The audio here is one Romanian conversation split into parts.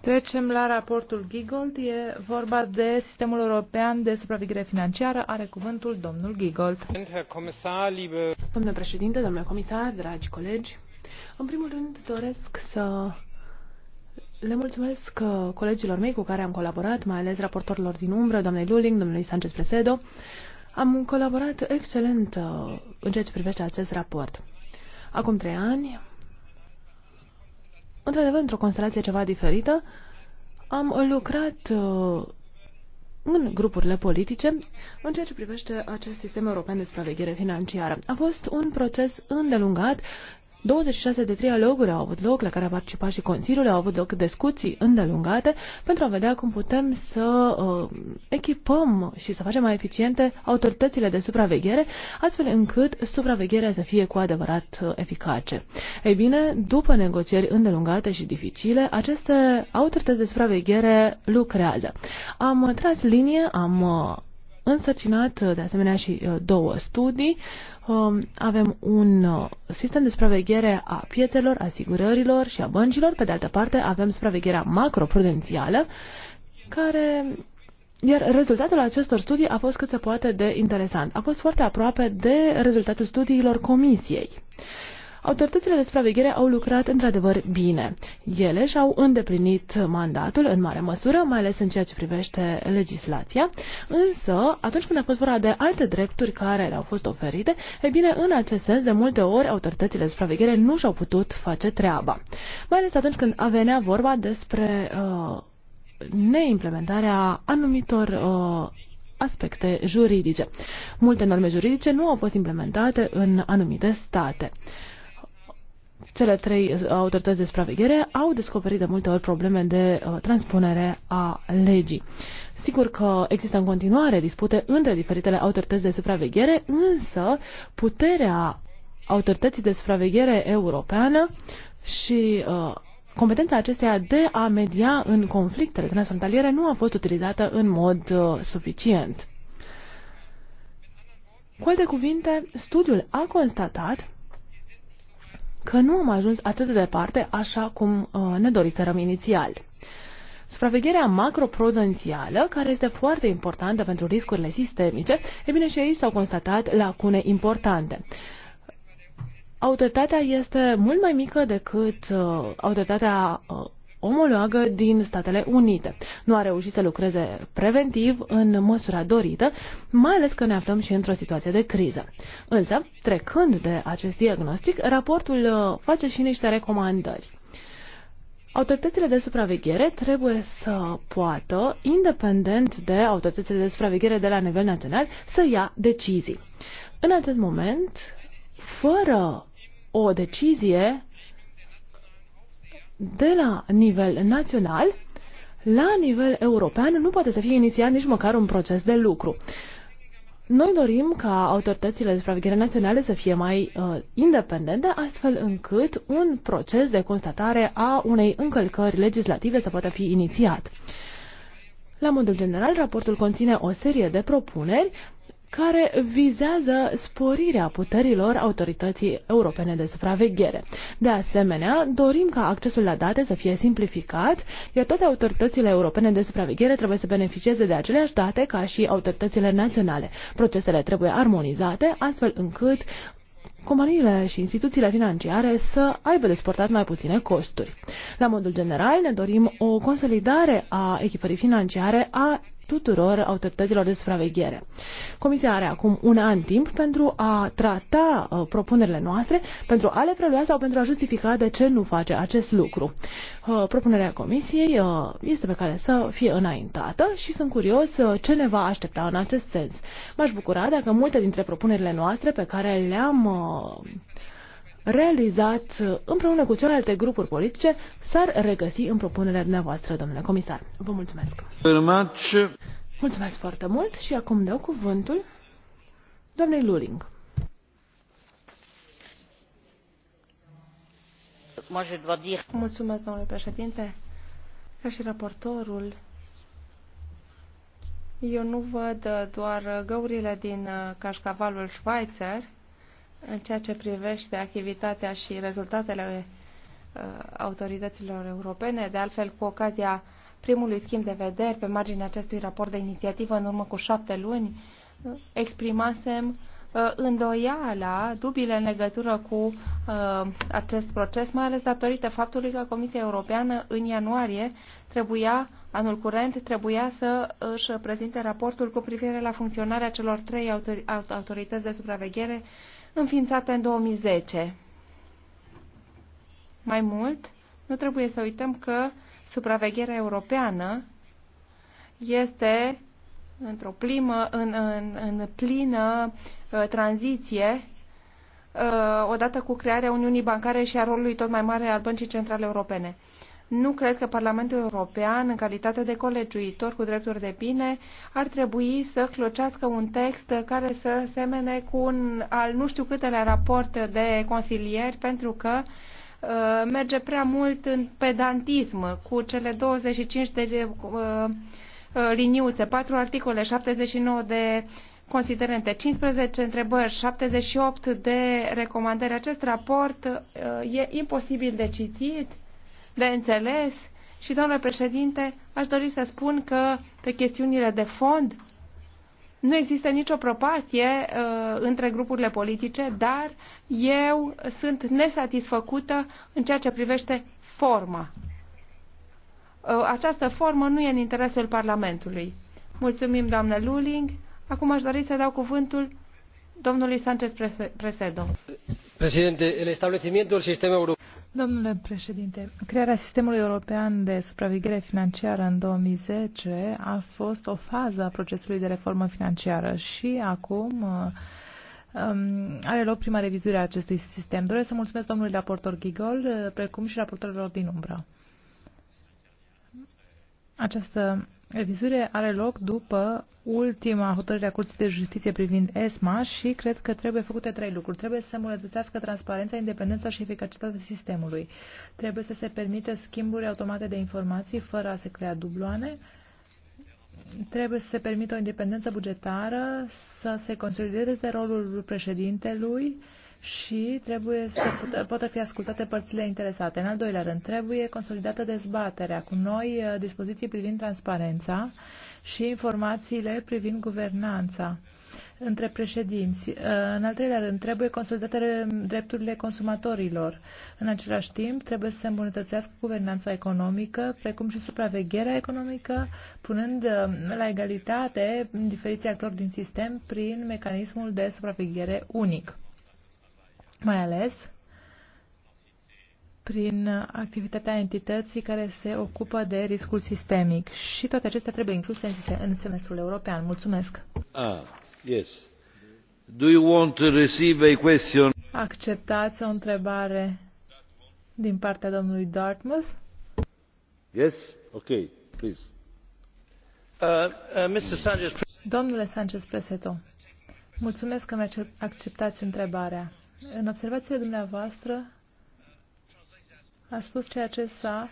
Trecem la raportul Giegold. E vorba de sistemul european de supraveghere financiară. Are cuvântul domnul Giegold. Domnule președinte, domnule comisar, dragi colegi, în primul rând doresc să le mulțumesc colegilor mei cu care am colaborat, mai ales raportorilor din umbră, doamnei Luling, domnului Sanchez Presedo. Am colaborat excelent uh, în ceea ce privește acest raport. Acum trei ani într-adevăr, într-o constelație ceva diferită, am lucrat uh, în grupurile politice în ceea ce privește acest sistem european de supraveghere financiară. A fost un proces îndelungat 26 de trialoguri au avut loc, la care a participat și Consiliul, au avut loc discuții îndelungate pentru a vedea cum putem să uh, echipăm și să facem mai eficiente autoritățile de supraveghere, astfel încât supravegherea să fie cu adevărat uh, eficace. Ei bine, după negocieri îndelungate și dificile, aceste autorități de supraveghere lucrează. Am tras linie, am uh, însărcinat uh, de asemenea și două studii, uh, Um, avem un uh, sistem de supraveghere a pietelor, asigurărilor și a băncilor. Pe de altă parte, avem supravegherea macroprudențială, care iar rezultatul acestor studii a fost cât se poate de interesant. A fost foarte aproape de rezultatul studiilor comisiei. Autoritățile de supraveghere au lucrat într-adevăr bine. Ele și-au îndeplinit mandatul în mare măsură, mai ales în ceea ce privește legislația, însă atunci când a fost vorba de alte drepturi care le-au fost oferite, e bine, în acest sens, de multe ori, autoritățile de supraveghere nu și-au putut face treaba. Mai ales atunci când venea vorba despre uh, neimplementarea anumitor uh, aspecte juridice. Multe norme juridice nu au fost implementate în anumite state cele trei uh, autorități de supraveghere au descoperit de multe ori probleme de uh, transpunere a legii. Sigur că există în continuare dispute între diferitele autorități de supraveghere, însă puterea autorității de supraveghere europeană și uh, competența acesteia de a media în conflictele transfrontaliere nu a fost utilizată în mod uh, suficient. Cu alte cuvinte, studiul a constatat că nu am ajuns atât de departe așa cum uh, ne doriserăm inițial. Supravegherea macroprudențială, care este foarte importantă pentru riscurile sistemice, e bine și aici s-au constatat lacune importante. Autoritatea este mult mai mică decât uh, autoritatea uh, omologă din Statele Unite. Nu a reușit să lucreze preventiv în măsura dorită, mai ales că ne aflăm și într-o situație de criză. Însă, trecând de acest diagnostic, raportul uh, face și niște recomandări. Autoritățile de supraveghere trebuie să poată, independent de autoritățile de supraveghere de la nivel național, să ia decizii. În acest moment, fără o decizie de la nivel național la nivel european nu poate să fie inițiat nici măcar un proces de lucru. Noi dorim ca autoritățile de supraveghere naționale să fie mai uh, independente, astfel încât un proces de constatare a unei încălcări legislative să poată fi inițiat. La modul general, raportul conține o serie de propuneri care vizează sporirea puterilor autorității europene de supraveghere. De asemenea, dorim ca accesul la date să fie simplificat, iar toate autoritățile europene de supraveghere trebuie să beneficieze de aceleași date ca și autoritățile naționale. Procesele trebuie armonizate, astfel încât companiile și instituțiile financiare să aibă de suportat mai puține costuri. La modul general, ne dorim o consolidare a echipării financiare a tuturor autorităților de supraveghere. Comisia are acum un an timp pentru a trata uh, propunerile noastre, pentru a le prelua sau pentru a justifica de ce nu face acest lucru. Uh, propunerea Comisiei uh, este pe care să fie înaintată și sunt curios uh, ce ne va aștepta în acest sens. M-aș bucura dacă multe dintre propunerile noastre pe care le-am uh, realizat împreună cu celelalte grupuri politice s-ar regăsi în propunerea dumneavoastră, domnule comisar. Vă mulțumesc! Mulțumesc foarte mult și acum dau cuvântul doamnei Luling. Mulțumesc, domnule președinte. Ca și raportorul, eu nu văd doar găurile din uh, cașcavalul Schweizer, în ceea ce privește activitatea și rezultatele uh, autorităților europene, de altfel cu ocazia primului schimb de vedere pe marginea acestui raport de inițiativă în urmă cu șapte luni, uh, exprimasem uh, îndoiala, dubile în legătură cu uh, acest proces, mai ales datorită faptului că Comisia Europeană în ianuarie trebuia, anul curent, trebuia să își prezinte raportul cu privire la funcționarea celor trei autorități de supraveghere uh, înființată în 2010. Mai mult, nu trebuie să uităm că supravegherea europeană este într-o plimă, în, în, în plină uh, tranziție uh, odată cu crearea Uniunii Bancare și a rolului tot mai mare al Băncii Centrale Europene. Nu cred că Parlamentul European, în calitate de colegiuitor cu drepturi de bine, ar trebui să clocească un text care să semene cu un al nu știu câtele raport de consilieri, pentru că uh, merge prea mult în pedantism cu cele 25 de uh, uh liniuțe, 4 articole, 79 de considerente, 15 întrebări, 78 de recomandări. Acest raport uh, e imposibil de citit de înțeles și, domnule președinte, aș dori să spun că pe chestiunile de fond nu există nicio propastie uh, între grupurile politice, dar eu sunt nesatisfăcută în ceea ce privește forma. Uh, această formă nu e în interesul Parlamentului. Mulțumim, doamnă Luling. Acum aș dori să dau cuvântul domnului Sanchez Presedo. Președinte, el establecimiento sistemului sistema Domnule președinte, crearea sistemului european de supraveghere financiară în 2010 a fost o fază a procesului de reformă financiară și acum uh, um, are loc prima revizuire a acestui sistem. Doresc să mulțumesc domnului raportor Gigol, uh, precum și raportorilor din umbră. Această Revizuirea are loc după ultima hotărâre a Curții de Justiție privind ESMA și cred că trebuie făcute trei lucruri. Trebuie să îmbunătățească transparența, independența și eficacitatea sistemului. Trebuie să se permită schimburi automate de informații fără a se crea dubloane. Trebuie să se permită o independență bugetară, să se consolideze rolul președintelui uh, și trebuie să poată fi ascultate părțile interesate. În al doilea rând, trebuie consolidată dezbaterea cu noi uh, dispoziții privind transparența și informațiile privind guvernanța între președinți. Uh, în al treilea rând, trebuie consolidate drepturile consumatorilor. În același timp, trebuie să se îmbunătățească guvernanța economică, precum și supravegherea economică, punând uh, la egalitate diferiții actori din sistem prin mecanismul de supraveghere unic mai ales prin activitatea entității care se ocupă de riscul sistemic. Și toate acestea trebuie incluse în semestrul european. Mulțumesc. Ah, yes. Do you want to receive a question? Acceptați o întrebare din partea domnului Dartmouth? Yes? Okay, please. Uh, uh, Mr. Sanchez... Domnule Sanchez Preseto, mulțumesc că mi-acceptați întrebarea. În observația dumneavoastră a spus ceea ce s-a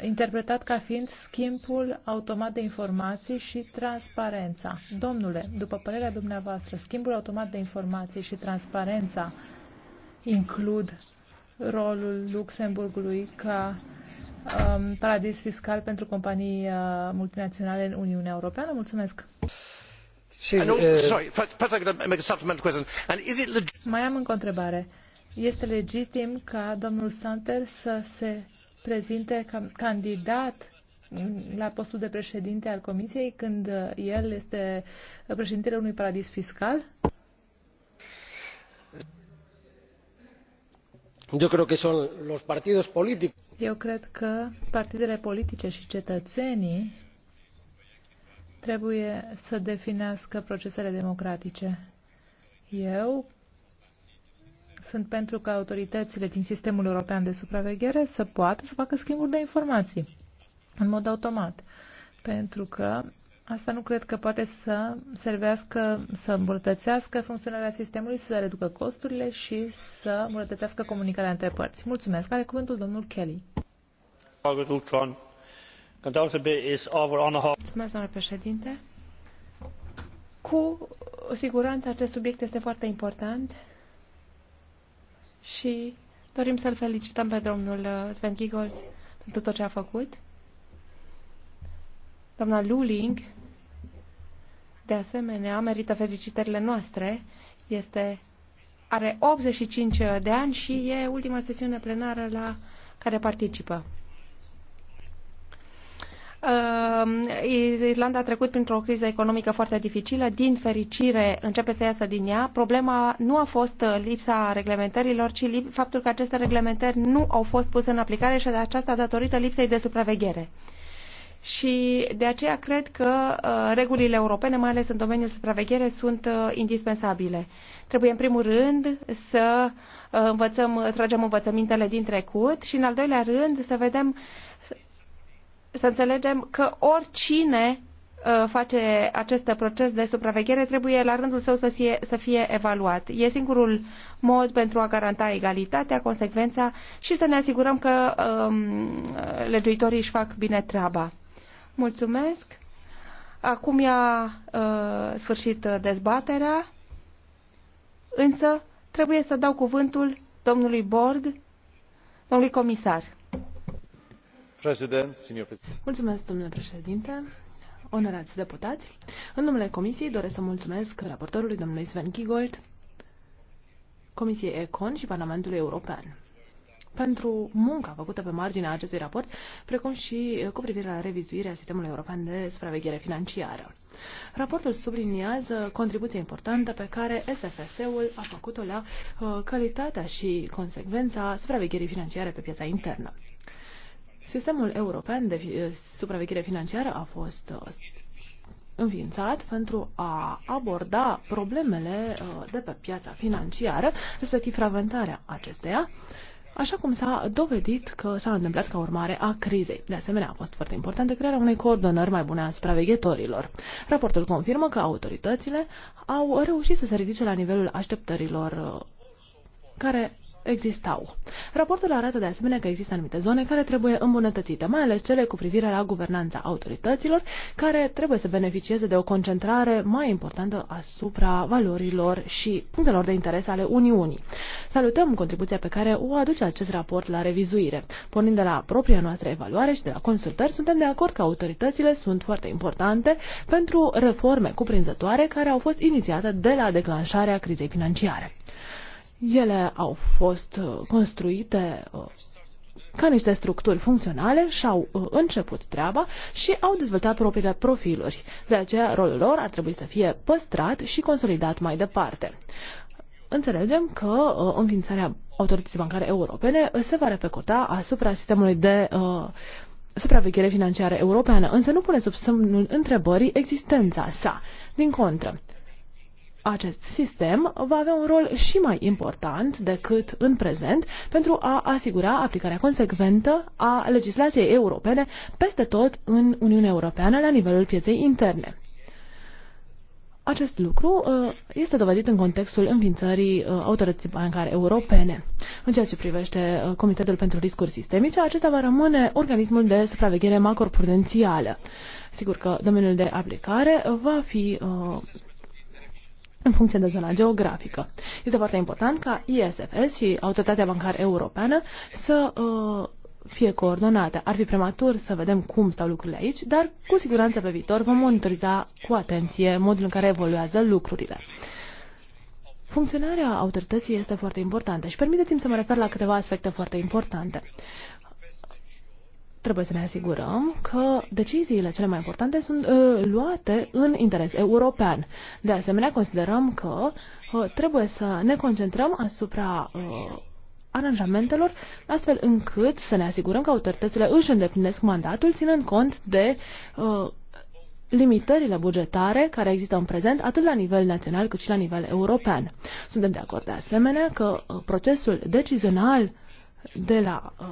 interpretat ca fiind schimbul automat de informații și transparența. Domnule, după părerea dumneavoastră, schimbul automat de informații și transparența includ rolul Luxemburgului ca um, paradis fiscal pentru companii uh, multinaționale în Uniunea Europeană? Mulțumesc! Mai am încă o întrebare. Este legitim ca domnul Santer să se prezinte ca candidat la postul de președinte al Comisiei când uh, el este uh, președintele unui paradis fiscal? Eu cred că sunt los partidos Eu cred că partidele politice și cetățenii trebuie să definească procesele democratice. Eu sunt pentru că autoritățile din sistemul european de supraveghere să poată să facă schimburi de informații în mod automat, pentru că asta nu cred că poate să servească, să îmbunătățească funcționarea sistemului, să reducă costurile și să îmbunătățească comunicarea între părți. Mulțumesc. Are cuvântul domnul Kelly cu siguranță acest subiect este foarte important și dorim să-l felicităm pe domnul Sven Giggles pentru tot ce a făcut. Doamna Luling, de asemenea, merită felicitările noastre. Este, are 85 de ani și e ultima sesiune plenară la care participă. Ehm, Irlanda a trecut printr-o criză economică foarte dificilă, din fericire începe să iasă din ea. Problema nu a fost uh, lipsa reglementărilor, ci faptul că aceste reglementări nu au fost puse în aplicare și de aceasta datorită lipsei de supraveghere. Și de aceea cred că uh, regulile europene, mai ales în domeniul supraveghere, sunt uh, indispensabile. Trebuie, în primul rând, să învățăm, tragem învățămintele din trecut și, în al doilea rând, să vedem să înțelegem că oricine uh, face acest proces de supraveghere trebuie la rândul său să fie, să fie evaluat. E singurul mod pentru a garanta egalitatea, consecvența și să ne asigurăm că um, legiuitorii își fac bine treaba. Mulțumesc! Acum i-a uh, sfârșit dezbaterea, însă trebuie să dau cuvântul domnului Borg, domnului comisar. Mulțumesc, domnule președinte onorați deputați în numele comisiei doresc să mulțumesc raportorului domnului sven giegold comisiei econ și parlamentului european pentru munca făcută pe marginea acestui raport, precum și cu privire la revizuirea sistemului european de supraveghere financiară. Raportul subliniază contribuția importantă pe care SFS-ul a făcut-o la uh, calitatea și consecvența supravegherii financiare pe piața internă. Sistemul european de eh, supraveghere financiară a fost eh, înființat pentru a aborda problemele eh, de pe piața financiară, respectiv fragmentarea acesteia, așa cum s-a dovedit că s-a întâmplat ca urmare a crizei. De asemenea, a fost foarte importantă crearea unei coordonări mai bune a supraveghetorilor. Raportul confirmă că autoritățile au reușit să se ridice la nivelul așteptărilor care existau. Raportul arată de asemenea că există anumite zone care trebuie îmbunătățite, mai ales cele cu privire la guvernanța autorităților, care trebuie să beneficieze de o concentrare mai importantă asupra valorilor și punctelor de interes ale Uniunii. Salutăm contribuția pe care o aduce acest raport la revizuire. Pornind de la propria noastră evaluare și de la consultări, suntem de acord că autoritățile sunt foarte importante pentru reforme cuprinzătoare care au fost inițiate de la declanșarea crizei financiare. Ele au fost uh, construite uh, ca niște structuri funcționale și-au uh, început treaba și au dezvoltat propriile profiluri. De aceea, rolul lor ar trebui să fie păstrat și consolidat mai departe. Înțelegem că înființarea autorității bancare europene se va repercuta asupra sistemului de uh, supraveghere financiară europeană, însă nu pune sub semnul întrebării existența sa. Din contră, acest sistem va avea un rol și mai important decât în prezent pentru a asigura aplicarea consecventă a legislației europene peste tot în Uniunea Europeană la nivelul pieței interne. Acest lucru uh, este dovedit în contextul înființării uh, autorității bancare europene. În ceea ce privește uh, Comitetul pentru Riscuri Sistemice, acesta va rămâne organismul de supraveghere macroprudențială. Sigur că domeniul de aplicare va fi în funcție de zona geografică. Este foarte important ca ISFS și Autoritatea Bancară Europeană să uh, fie coordonate. Ar fi prematur să vedem cum stau lucrurile aici, dar cu siguranță pe viitor vom monitoriza cu atenție modul în care evoluează lucrurile. Funcționarea autorității este foarte importantă și permiteți-mi să mă refer la câteva aspecte foarte importante trebuie să ne asigurăm că deciziile cele mai importante sunt uh, luate în interes european. De asemenea, considerăm că uh, trebuie să ne concentrăm asupra uh, aranjamentelor, astfel încât să ne asigurăm că autoritățile își îndeplinesc mandatul, ținând cont de uh, limitările bugetare care există în prezent atât la nivel național cât și la nivel european. Suntem de acord de asemenea că uh, procesul decizional de la uh,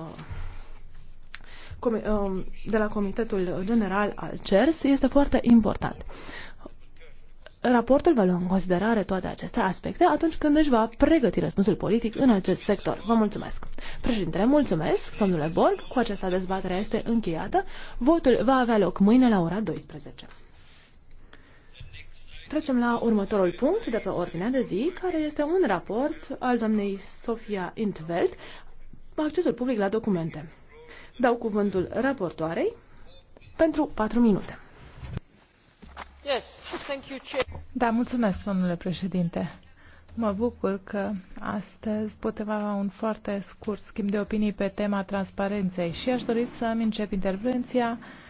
Um, de la Comitetul General al CERS este foarte important. Raportul va lua în considerare toate aceste aspecte atunci când își va pregăti răspunsul politic în acest sector. Vă mulțumesc. Președintele, mulțumesc, domnule Borg. Cu această dezbatere este încheiată. Votul va avea loc mâine la ora 12. Trecem la următorul punct de pe ordinea de zi, care este un raport al doamnei Sofia Intveld, accesul public la documente. Dau cuvântul raportoarei pentru patru minute. Yes, thank you, da, mulțumesc, domnule președinte. Mă bucur că astăzi putem avea un foarte scurt schimb de opinii pe tema transparenței și aș dori să-mi încep intervenția uh,